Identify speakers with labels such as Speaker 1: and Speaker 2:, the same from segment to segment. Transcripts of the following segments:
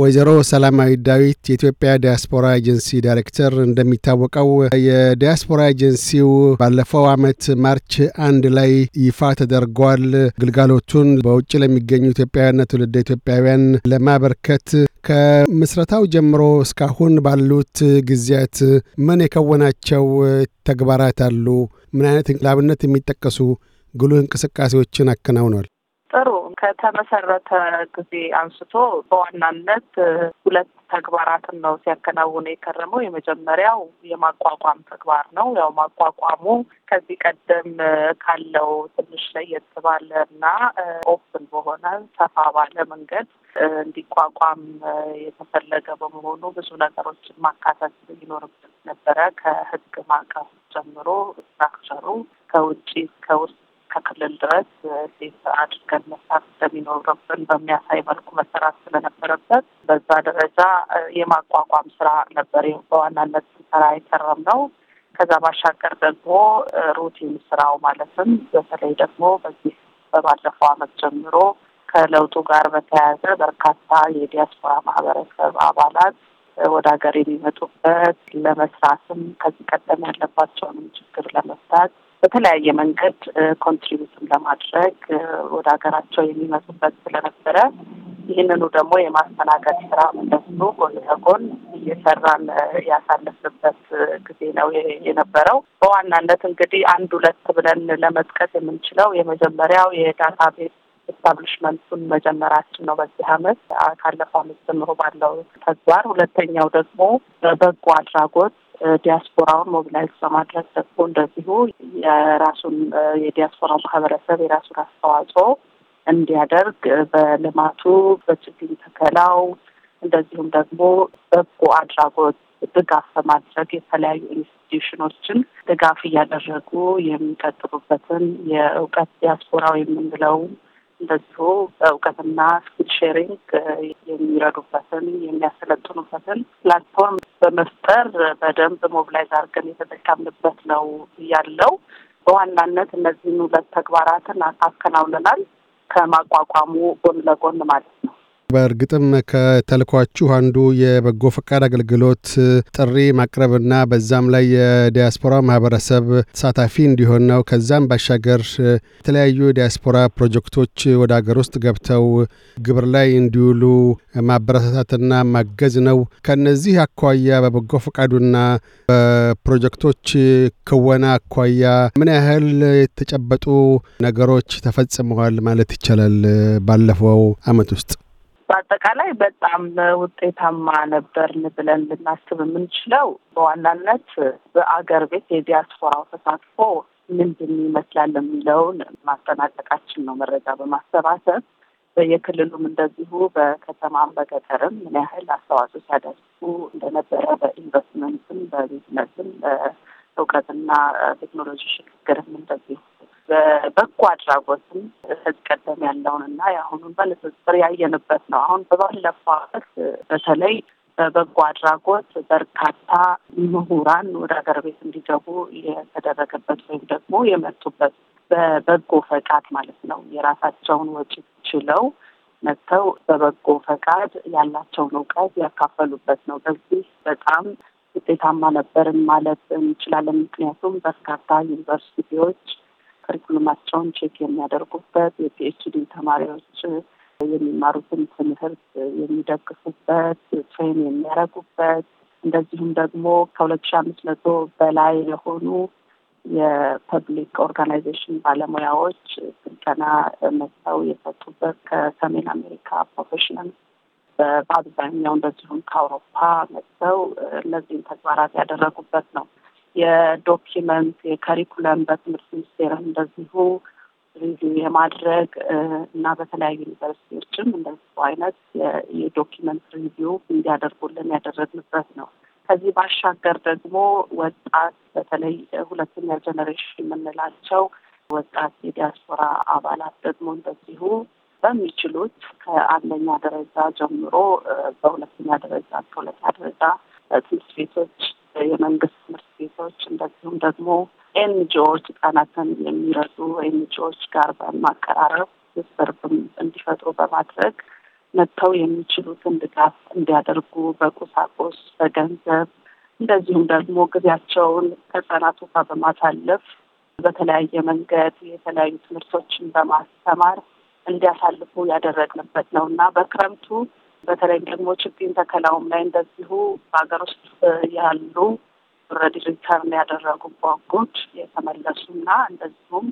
Speaker 1: ወይዘሮ ሰላማዊ ዳዊት የኢትዮጵያ ዲያስፖራ ኤጀንሲ ዳይሬክተር፣ እንደሚታወቀው የዲያስፖራ ኤጀንሲው ባለፈው ዓመት ማርች አንድ ላይ ይፋ ተደርጓል። ግልጋሎቱን በውጭ ለሚገኙ ኢትዮጵያውያንና ትውልደ ኢትዮጵያውያን ለማበርከት ከምስረታው ጀምሮ እስካሁን ባሉት ጊዜያት ምን የከወናቸው ተግባራት አሉ? ምን አይነት ላብነት የሚጠቀሱ ጉልህ እንቅስቃሴዎችን አከናውኗል?
Speaker 2: ከተመሰረተ ጊዜ አንስቶ በዋናነት ሁለት ተግባራትን ነው ሲያከናውን የከረመው። የመጀመሪያው የማቋቋም ተግባር ነው። ያው ማቋቋሙ ከዚህ ቀደም ካለው ትንሽ ለየት ባለ እና ኦፕን በሆነ ሰፋ ባለ መንገድ እንዲቋቋም የተፈለገ በመሆኑ ብዙ ነገሮችን ማካተት ይኖርበት ነበረ። ከህግ ማዕቀፍ ጀምሮ ስትራክቸሩ ከውጭ ከውስጥ ክልል ድረስ እንዴት አድርገን መስራት እንደሚኖርብን በሚያሳይ መልኩ መሰራት ስለነበረበት በዛ ደረጃ የማቋቋም ስራ ነበር በዋናነት ስንሰራ የሰራም ነው። ከዛ ባሻገር ደግሞ ሩቲን ስራው ማለትም በተለይ ደግሞ በዚህ በባለፈው አመት ጀምሮ ከለውጡ ጋር በተያያዘ በርካታ የዲያስፖራ ማህበረሰብ አባላት ወደ ሀገር የሚመጡበት ለመስራትም ከዚህ ቀደም ያለባቸውንም ችግር ለመፍታት በተለያየ መንገድ ኮንትሪቢዩትም ለማድረግ ወደ ሀገራቸው የሚመጡበት ስለነበረ ይህንኑ ደግሞ የማስተናገድ ስራ እንደሱ ጎን ለጎን እየሰራን ያሳለፍንበት ጊዜ ነው የነበረው። በዋናነት እንግዲህ አንድ ሁለት ብለን ለመጥቀስ የምንችለው የመጀመሪያው የዳታ ቤዝ ኤስታብሊሽመንቱን መጀመራችን ነው በዚህ አመት ካለፈው አመት ጀምሮ ባለው ተግባር። ሁለተኛው ደግሞ በበጎ አድራጎት ዲያስፖራውን ሞቢላይዝ በማድረግ ደግሞ እንደዚሁ የራሱን የዲያስፖራ ማህበረሰብ የራሱን አስተዋጽኦ እንዲያደርግ በልማቱ፣ በችግኝ ተከላው እንደዚሁም ደግሞ በጎ አድራጎት ድጋፍ በማድረግ የተለያዩ ኢንስቲትዩሽኖችን ድጋፍ እያደረጉ የሚቀጥሉበትን የእውቀት ዲያስፖራ የምንለው እንደዚሁ እውቀትና ስኪል ሼሪንግ የሚረዱበትን የሚያሰለጥኑበትን ፕላትፎርም በመፍጠር በደንብ ሞብላይዝ አድርገን የተጠቀምንበት ነው ያለው። በዋናነት እነዚህን ሁለት ተግባራትን አከናውነናል ከማቋቋሙ ጎን ለጎን ማለት ነው።
Speaker 1: በእርግጥም ከተልኳችሁ አንዱ የበጎ ፈቃድ አገልግሎት ጥሪ ማቅረብና በዛም ላይ የዲያስፖራ ማህበረሰብ ተሳታፊ እንዲሆን ነው። ከዛም ባሻገር የተለያዩ የዲያስፖራ ፕሮጀክቶች ወደ ሀገር ውስጥ ገብተው ግብር ላይ እንዲውሉ ማበረታታትና ማገዝ ነው። ከነዚህ አኳያ በበጎ ፈቃዱና በፕሮጀክቶች ክወና አኳያ ምን ያህል የተጨበጡ ነገሮች ተፈጽመዋል ማለት ይቻላል ባለፈው አመት ውስጥ?
Speaker 2: በአጠቃላይ በጣም ውጤታማ ነበርን ብለን ልናስብ የምንችለው በዋናነት በአገር ቤት የዲያስፖራው ተሳትፎ ምንድን ይመስላል የሚለውን ማጠናቀቃችን ነው። መረጃ በማሰባሰብ በየክልሉም እንደዚሁ በከተማም በገጠርም ምን ያህል አስተዋጽኦ ሲያደርጉ እንደነበረ በኢንቨስትመንትም፣ በቢዝነስም፣ በእውቀትና ቴክኖሎጂ ሽግግርም እንደዚሁ በበጎ አድራጎትም ከዚህ ቀደም ያለውን እና የአሁኑን በንጽጽር ያየንበት ነው። አሁን በባለፈው ዓመት በተለይ በበጎ አድራጎት በርካታ ምሁራን ወደ ሀገር ቤት እንዲገቡ የተደረገበት ወይም ደግሞ የመጡበት በበጎ ፈቃድ ማለት ነው። የራሳቸውን ወጪ ችለው መጥተው በበጎ ፈቃድ ያላቸውን እውቀት ያካፈሉበት ነው። በዚህ በጣም ውጤታማ ነበርን ማለት እንችላለን። ምክንያቱም በርካታ ዩኒቨርሲቲዎች ከሪኩሉማቸውን ቼክ የሚያደርጉበት የፒኤችዲ ተማሪዎች የሚማሩትን ትምህርት የሚደግፉበት ትሬን የሚያደርጉበት እንደዚሁም ደግሞ ከሁለት ሺ አምስት መቶ በላይ የሆኑ የፐብሊክ ኦርጋናይዜሽን ባለሙያዎች ስልጠና መጥተው የሰጡበት ከሰሜን አሜሪካ ፕሮፌሽናል በአብዛኛው እንደዚሁም ከአውሮፓ መጥተው እነዚህን ተግባራት ያደረጉበት ነው። የዶኪመንት የከሪኩለም በትምህርት ሚኒስቴር እንደዚሁ ሪቪው የማድረግ እና በተለያዩ ዩኒቨርሲቲዎችም እንደዚሁ አይነት የዶኪመንት ሪቪው እንዲያደርጉልን ያደረግንበት ነው። ከዚህ ባሻገር ደግሞ ወጣት በተለይ ሁለተኛ ጀኔሬሽን የምንላቸው ወጣት የዲያስፖራ አባላት ደግሞ እንደዚሁ በሚችሉት ከአንደኛ ደረጃ ጀምሮ በሁለተኛ ደረጃ ከሁለተኛ ደረጃ ትምህርት ቤቶች የመንግስት ድርጅቶች እንደዚሁም ደግሞ ኤንጂኦዎች ህጻናትን የሚረዱ ኤንጂኦዎች ጋር በማቀራረብ ትስስር እንዲፈጥሩ በማድረግ መጥተው የሚችሉትን ድጋፍ እንዲያደርጉ በቁሳቁስ፣ በገንዘብ እንደዚሁም ደግሞ ጊዜያቸውን ከህጻናቱ ጋር በማሳለፍ በተለያየ መንገድ የተለያዩ ትምህርቶችን በማስተማር እንዲያሳልፉ ያደረግንበት ነው እና በክረምቱ በተለይም ደግሞ ችግኝ ተከላውም ላይ እንደዚሁ በሀገር ውስጥ ያሉ ኦልሬዲ ሪተርን ያደረጉ ባንኮች የተመለሱና እንደዚሁም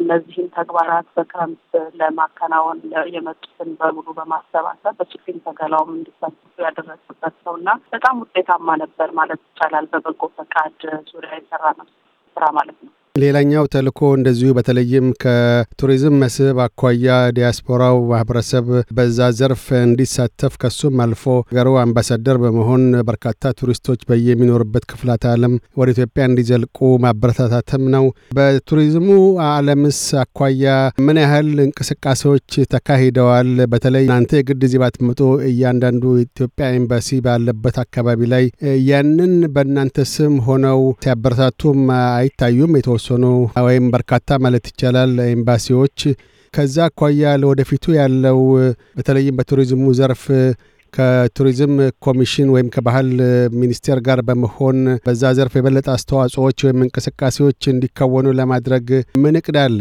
Speaker 2: እነዚህን ተግባራት በክረምት ለማከናወን የመጡትን በሙሉ በማሰባሰብ በችግኝ ተከላውም እንዲሳተፉ ያደረግበት ነው እና በጣም ውጤታማ ነበር ማለት ይቻላል። በበጎ ፈቃድ ዙሪያ የሰራ ነው ስራ
Speaker 1: ማለት ነው። ሌላኛው ተልእኮ እንደዚሁ በተለይም ከቱሪዝም መስህብ አኳያ ዲያስፖራው ማህበረሰብ በዛ ዘርፍ እንዲሳተፍ ከሱም አልፎ ገሩ አምባሳደር በመሆን በርካታ ቱሪስቶች በየሚኖርበት ክፍላት ዓለም ወደ ኢትዮጵያ እንዲዘልቁ ማበረታታትም ነው። በቱሪዝሙ ዓለምስ አኳያ ምን ያህል እንቅስቃሴዎች ተካሂደዋል? በተለይ እናንተ የግድ እዚህ ባትመጡ እያንዳንዱ ኢትዮጵያ ኤምባሲ ባለበት አካባቢ ላይ ያንን በእናንተ ስም ሆነው ሲያበረታቱም አይታዩም የተወ የተወሰኑ ወይም በርካታ ማለት ይቻላል ኤምባሲዎች ከዛ አኳያ ለወደፊቱ ያለው በተለይም በቱሪዝሙ ዘርፍ ከቱሪዝም ኮሚሽን ወይም ከባህል ሚኒስቴር ጋር በመሆን በዛ ዘርፍ የበለጠ አስተዋጽኦዎች ወይም እንቅስቃሴዎች እንዲከወኑ ለማድረግ ምን እቅድ አለ?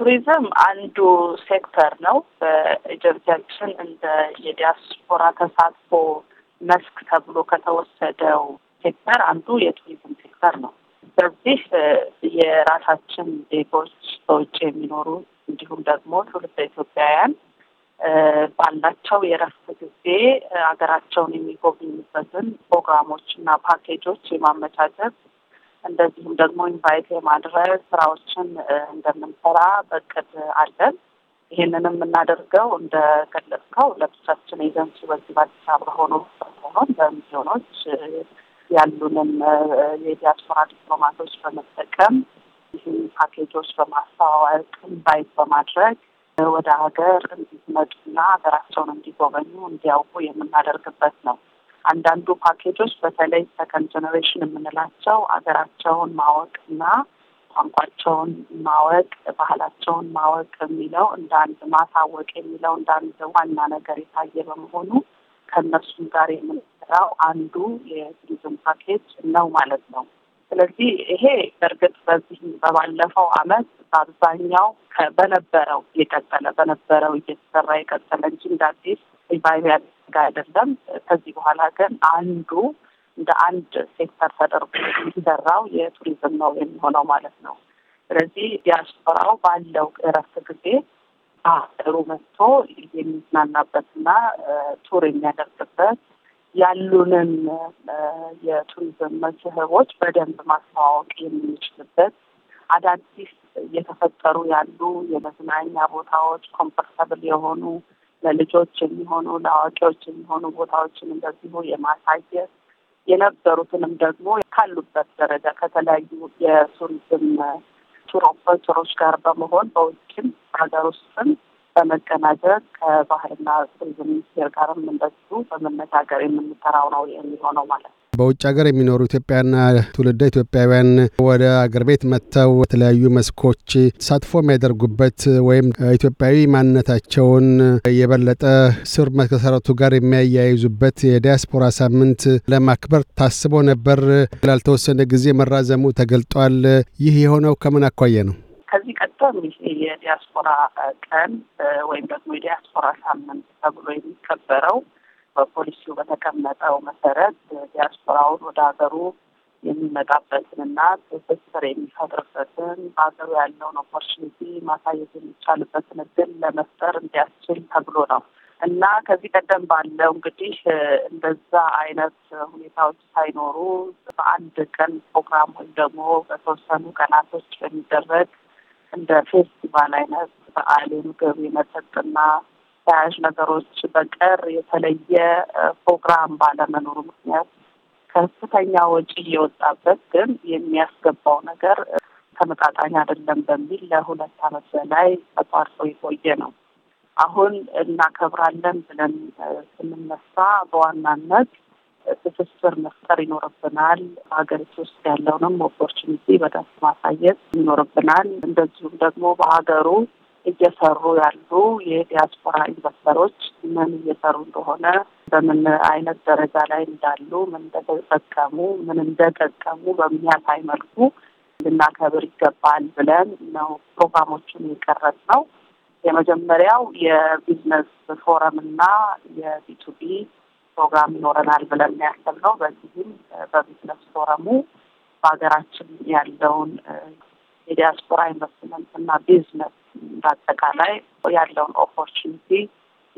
Speaker 2: ቱሪዝም አንዱ ሴክተር ነው። በኤጀንሲያችን እንደ የዲያስፖራ ተሳትፎ መስክ ተብሎ ከተወሰደው ሴክተር አንዱ የቱሪዝም ሴክተር ነው። በዚህ የራሳችን ዜጎች በውጭ የሚኖሩ እንዲሁም ደግሞ ትውልደ ኢትዮጵያውያን ባላቸው የረፍት ጊዜ ሀገራቸውን የሚጎብኙበትን ፕሮግራሞች እና ፓኬጆች የማመቻቸት እንደዚሁም ደግሞ ኢንቫይት የማድረግ ስራዎችን እንደምንሰራ በቅድ አለን። ይህንንም የምናደርገው እንደገለጽከው ለብቻችን ኤጀንሲ በዚህ በአዲስ አበባ ሆኖ ሆኖን በሚሊዮኖች ያሉንም የዲያስፖራ ዲፕሎማቶች በመጠቀም ይህን ፓኬጆች በማስተዋወቅ ኢንቫይት በማድረግ ወደ ሀገር እንዲመጡና ሀገራቸውን እንዲጎበኙ እንዲያውቁ የምናደርግበት ነው። አንዳንዱ ፓኬጆች በተለይ ሰከንድ ጀኔሬሽን የምንላቸው ሀገራቸውን ማወቅና ቋንቋቸውን ማወቅ፣ ባህላቸውን ማወቅ የሚለው እንደ አንድ ማሳወቅ የሚለው እንደ አንድ ዋና ነገር የታየ በመሆኑ ከእነሱም ጋር የምን የሚሰራው አንዱ የቱሪዝም ፓኬጅ ነው ማለት ነው። ስለዚህ ይሄ በእርግጥ በዚህ በባለፈው አመት በአብዛኛው በነበረው የቀጠለ በነበረው እየተሰራ የቀጠለ እንጂ እንደ አዲስ ሪቫይቭ ያደረገ አይደለም። ከዚህ በኋላ ግን አንዱ እንደ አንድ ሴክተር ተደርጎ የሚሰራው የቱሪዝም ነው የሚሆነው ማለት ነው። ስለዚህ ዲያስፖራው ባለው እረፍት ጊዜ አሩ መጥቶ የሚዝናናበትና ቱር የሚያደርግበት ያሉንን የቱሪዝም መስህቦች በደንብ ማስተዋወቅ የምንችልበት አዳዲስ እየተፈጠሩ ያሉ የመዝናኛ ቦታዎች ኮምፈርተብል የሆኑ ለልጆች የሚሆኑ ለአዋቂዎች የሚሆኑ ቦታዎችን እንደዚሁ የማሳየት የነበሩትንም ደግሞ ካሉበት ደረጃ ከተለያዩ የቱሪዝም ቱር ኦፕሬተሮች ጋር በመሆን በውጭም ሀገር ውስጥም በመገናዘብ ከባህልና ቱሪዝም ሚኒስቴር ጋርም እንደዚሁ በመነጋገር የምንጠራው ነው የሚሆነው ማለት ነው።
Speaker 1: በውጭ ሀገር የሚኖሩ ኢትዮጵያና ትውልደ ኢትዮጵያውያን ወደ አገር ቤት መጥተው የተለያዩ መስኮች ተሳትፎ የሚያደርጉበት ወይም ኢትዮጵያዊ ማንነታቸውን የበለጠ ስር መሰረቱ ጋር የሚያያይዙበት የዲያስፖራ ሳምንት ለማክበር ታስቦ ነበር። ላልተወሰነ ጊዜ መራዘሙ ተገልጧል። ይህ የሆነው ከምን አኳየ ነው?
Speaker 2: ተነስተው እንግዲህ የዲያስፖራ ቀን ወይም ደግሞ የዲያስፖራ ሳምንት ተብሎ የሚከበረው በፖሊሲው በተቀመጠው መሰረት ዲያስፖራውን ወደ ሀገሩ የሚመጣበትንና ትስስር የሚፈጥርበትን በሀገሩ ያለውን ኦፖርቹኒቲ ማሳየት የሚቻልበትን እድል ለመፍጠር እንዲያስችል ተብሎ ነው እና ከዚህ ቀደም ባለው እንግዲህ እንደዛ አይነት ሁኔታዎች ሳይኖሩ በአንድ ቀን ፕሮግራም ወይም ደግሞ በተወሰኑ ቀናቶች በሚደረግ እንደ ፌስቲቫል አይነት በዓል፣ የምግብ፣ የመጠጥና ተያያዥ ነገሮች በቀር የተለየ ፕሮግራም ባለመኖሩ ምክንያት ከፍተኛ ወጪ እየወጣበት ግን የሚያስገባው ነገር ተመጣጣኝ አይደለም በሚል ለሁለት ዓመት በላይ ተቋርጦ የቆየ ነው። አሁን እናከብራለን ብለን ስንነሳ በዋናነት ትስስር መፍጠር ይኖርብናል። በሀገሪቱ ውስጥ ያለውንም ኦፖርቹኒቲ በደንብ ማሳየት ይኖርብናል። እንደዚሁም ደግሞ በሀገሩ እየሰሩ ያሉ የዲያስፖራ ኢንቨስተሮች ምን እየሰሩ እንደሆነ በምን አይነት ደረጃ ላይ እንዳሉ፣ ምን እንደተጠቀሙ፣ ምን እንደጠቀሙ በሚያሳይ መልኩ ልናከብር ይገባል ብለን ነው ፕሮግራሞቹን የቀረጽ ነው። የመጀመሪያው የቢዝነስ ፎረም እና የቢቱቢ ፕሮግራም ይኖረናል ብለን ነው በዚህም በቢዝነስ ፎረሙ በሀገራችን ያለውን የዲያስፖራ ኢንቨስትመንት እና ቢዝነስ በአጠቃላይ ያለውን ኦፖርቹኒቲ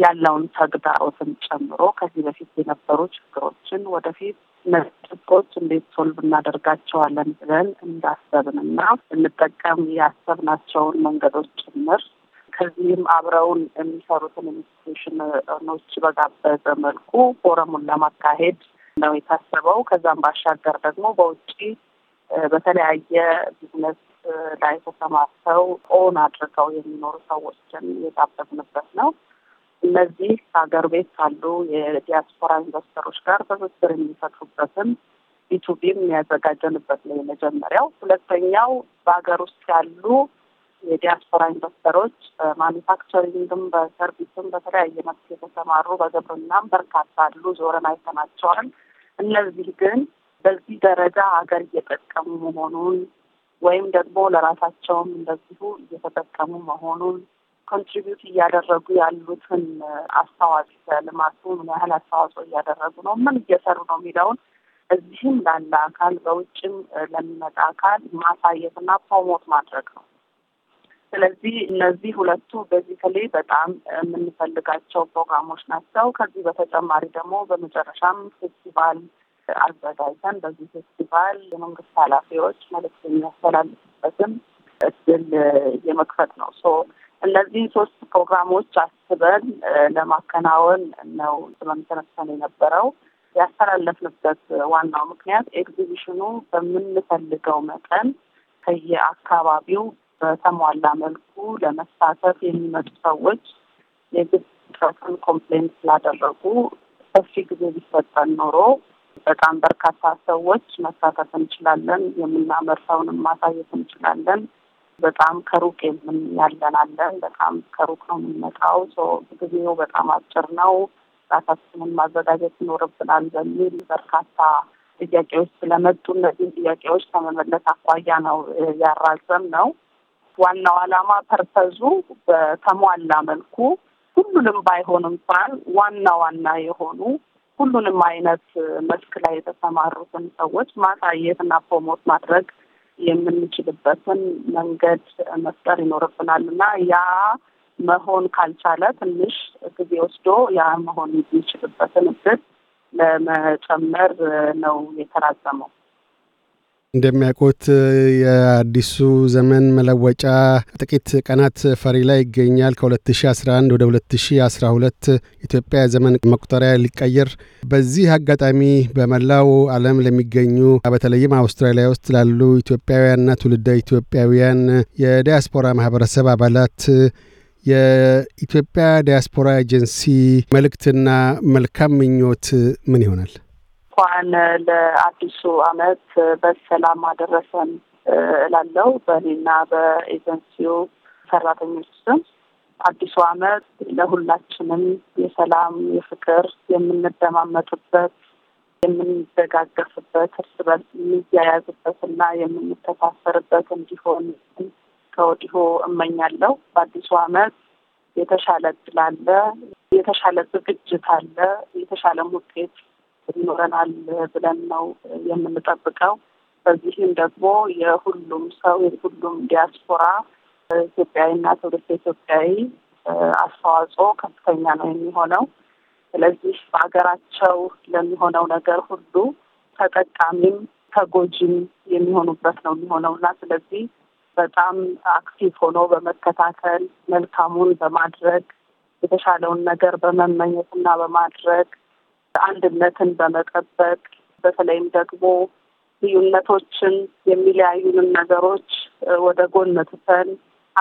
Speaker 2: ያለውን ተግዳሮትን ጨምሮ ከዚህ በፊት የነበሩ ችግሮችን ወደፊት ነጥቆች እንዴት ሶልቭ እናደርጋቸዋለን ብለን እንዳሰብንና እንጠቀም ያሰብናቸውን መንገዶች ጭምር ከዚህም አብረውን የሚሰሩትን ኢንስቲቱሽኖች በጋበዘ መልኩ ፎረሙን ለማካሄድ ነው የታሰበው። ከዛም ባሻገር ደግሞ በውጭ በተለያየ ቢዝነስ ላይ ተሰማርተው ኦን አድርገው የሚኖሩ ሰዎችን የጋበዝንበት ነው። እነዚህ ሀገር ቤት ካሉ የዲያስፖራ ኢንቨስተሮች ጋር ትስስር የሚፈጥሩበትን ቢቱቢም የሚያዘጋጀንበት ነው የመጀመሪያው። ሁለተኛው በሀገር ውስጥ ያሉ የዲያስፖራ ኢንቨስተሮች በማኒፋክቸሪንግም በሰርቪስም በተለያየ መስክ የተሰማሩ በግብርናም በርካታ አሉ። ዞረን አይተናቸዋል። እነዚህ ግን በዚህ ደረጃ ሀገር እየጠቀሙ መሆኑን ወይም ደግሞ ለራሳቸውም እንደዚሁ እየተጠቀሙ መሆኑን ኮንትሪቢዩት እያደረጉ ያሉትን አስተዋጽኦ ለልማቱ ምን ያህል አስተዋጽኦ እያደረጉ ነው፣ ምን እየሰሩ ነው የሚለውን እዚህም ላለ አካል በውጭም ለሚመጣ አካል ማሳየትና ፕሮሞት ማድረግ ነው። ስለዚህ እነዚህ ሁለቱ ቤዚካሊ በጣም የምንፈልጋቸው ፕሮግራሞች ናቸው። ከዚህ በተጨማሪ ደግሞ በመጨረሻም ፌስቲቫል አዘጋጅተን በዚህ ፌስቲቫል የመንግስት ኃላፊዎች መልክት የሚያስተላልፍበትም እድል የመክፈት ነው። ሶ እነዚህ ሶስት ፕሮግራሞች አስበን ለማከናወን ነው ስመምተነሰን የነበረው። ያስተላለፍንበት ዋናው ምክንያት ኤግዚቢሽኑ በምንፈልገው መጠን ከየአካባቢው በተሟላ መልኩ ለመሳተፍ የሚመጡ ሰዎች የግብ ጥረትን ስላደረጉ ሰፊ ጊዜ ቢሰጠን ኖሮ በጣም በርካታ ሰዎች መሳተፍ እንችላለን። የምናመርተውንም ማሳየት እንችላለን። በጣም ከሩቅ ያለናለን። በጣም ከሩቅ ነው የምንመጣው። ጊዜው በጣም አጭር ነው። ራሳችንን ማዘጋጀት ይኖርብናል በሚል በርካታ ጥያቄዎች ስለመጡ እነዚህን ጥያቄዎች ከመመለስ አኳያ ነው ያራዘም ነው። ዋናው ዓላማ ፐርፐዙ በተሟላ መልኩ ሁሉንም ባይሆን እንኳን ዋና ዋና የሆኑ ሁሉንም አይነት መስክ ላይ የተሰማሩትን ሰዎች ማሳየት ና ፕሮሞት ማድረግ የምንችልበትን መንገድ መፍጠር ይኖርብናል እና ያ መሆን ካልቻለ ትንሽ ጊዜ ወስዶ ያ መሆን የሚችልበትን እድል ለመጨመር ነው የተራዘመው።
Speaker 1: እንደሚያውቁት የአዲሱ ዘመን መለወጫ ጥቂት ቀናት ፈሪ ላይ ይገኛል። ከ2011 ወደ 2012 ኢትዮጵያ ዘመን መቁጠሪያ ሊቀየር። በዚህ አጋጣሚ በመላው ዓለም ለሚገኙ በተለይም አውስትራሊያ ውስጥ ላሉ ኢትዮጵያውያንና ትውልደ ኢትዮጵያውያን የዲያስፖራ ማህበረሰብ አባላት የኢትዮጵያ ዲያስፖራ ኤጀንሲ መልእክትና መልካም ምኞት ምን ይሆናል?
Speaker 2: እንኳን ለአዲሱ አመት በሰላም አደረሰን እላለው በእኔና በኤጀንሲው ሰራተኞች ስም አዲሱ አመት ለሁላችንም የሰላም፣ የፍቅር የምንደማመጥበት፣ የምንደጋገፍበት፣ እርስ በርስ የሚያያዝበት እና የምንተሳሰርበት እንዲሆን ከወዲሁ እመኛለሁ። በአዲሱ አመት የተሻለ እድል አለ፣ የተሻለ ዝግጅት አለ፣ የተሻለም ውጤት ይኖረናል ብለን ነው የምንጠብቀው። በዚህም ደግሞ የሁሉም ሰው የሁሉም ዲያስፖራ ኢትዮጵያዊና ትውልደ ኢትዮጵያዊ አስተዋጽኦ ከፍተኛ ነው የሚሆነው። ስለዚህ በሀገራቸው ለሚሆነው ነገር ሁሉ ተጠቃሚም ተጎጂም የሚሆኑበት ነው የሚሆነው እና ስለዚህ በጣም አክቲቭ ሆኖ በመከታተል መልካሙን በማድረግ የተሻለውን ነገር በመመኘት እና በማድረግ አንድነትን በመጠበቅ በተለይም ደግሞ ልዩነቶችን የሚለያዩንም ነገሮች ወደ ጎን ትተን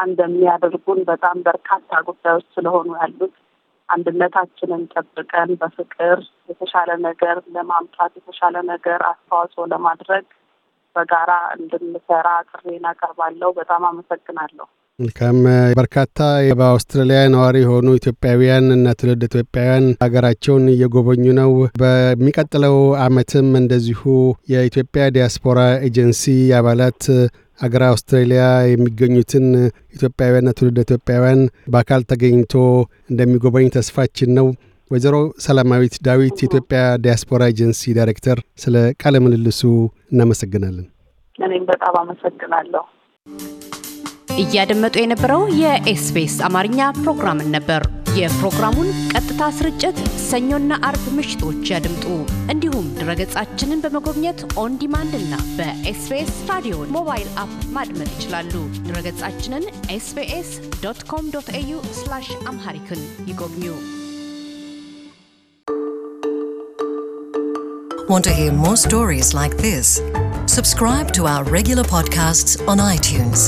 Speaker 2: አንድ የሚያደርጉን በጣም በርካታ ጉዳዮች ስለሆኑ ያሉት አንድነታችንን ጠብቀን በፍቅር የተሻለ ነገር ለማምጣት የተሻለ ነገር አስተዋጽኦ ለማድረግ በጋራ እንድንሰራ ጥሪ አቀርባለሁ። በጣም አመሰግናለሁ።
Speaker 1: መልካም በርካታ በአውስትራሊያ ነዋሪ የሆኑ ኢትዮጵያውያን እና ትውልድ ኢትዮጵያውያን ሀገራቸውን እየጎበኙ ነው። በሚቀጥለው አመትም እንደዚሁ የኢትዮጵያ ዲያስፖራ ኤጀንሲ አባላት አገር አውስትራሊያ የሚገኙትን ኢትዮጵያውያንና ትውልድ ኢትዮጵያውያን በአካል ተገኝቶ እንደሚጎበኝ ተስፋችን ነው። ወይዘሮ ሰላማዊት ዳዊት የኢትዮጵያ ዲያስፖራ ኤጀንሲ ዳይሬክተር፣ ስለ ቃለ ምልልሱ እናመሰግናለን። እኔም በጣም አመሰግናለሁ። እያደመጡ የነበረው የኤስቢኤስ አማርኛ ፕሮግራምን ነበር። የፕሮግራሙን ቀጥታ ስርጭት ሰኞና አርብ ምሽቶች ያድምጡ። እንዲሁም ድረገጻችንን በመጎብኘት ኦን ዲማንድ እና በኤስቢኤስ ራዲዮ ሞባይል አፕ ማድመጥ ይችላሉ። ድረገጻችንን ኤስቢኤስ ዶት ኮም ዶት ኤዩ አምሃሪክን ይጎብኙ።
Speaker 2: Want to hear more stories like this? Subscribe to our regular podcasts on iTunes.